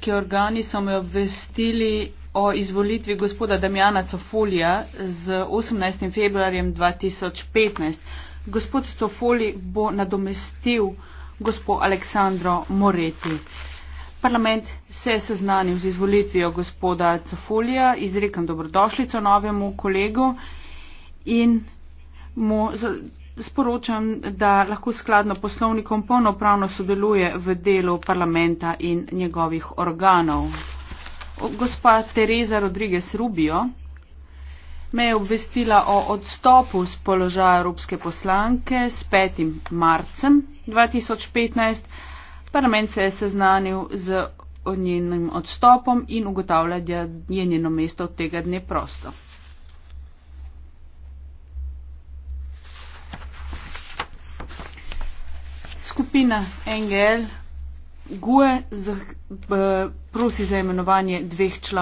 Ruski organi so me obvestili o izvolitvi gospoda Damjana Cofolija z 18. februarjem 2015. Gospod Cofoli bo nadomestil gospod Aleksandro Moreti. Parlament se je seznanil z izvolitvijo gospoda Cofolija, izrekam dobrodošlico novemu kolegu in mu sporočam, da lahko skladno poslovnikom polnopravno sodeluje v delu parlamenta in njegovih organov. Gospa Tereza Rodriguez Rubio me je obvestila o odstopu z položaja Evropske poslanke s 5. marcem 2015. Parlament se je seznanil z njenim odstopom in ugotavlja, da je njeno mesto od tega dne prosto. skupina NGL GUE eh, prosi za imenovanje dveh članov.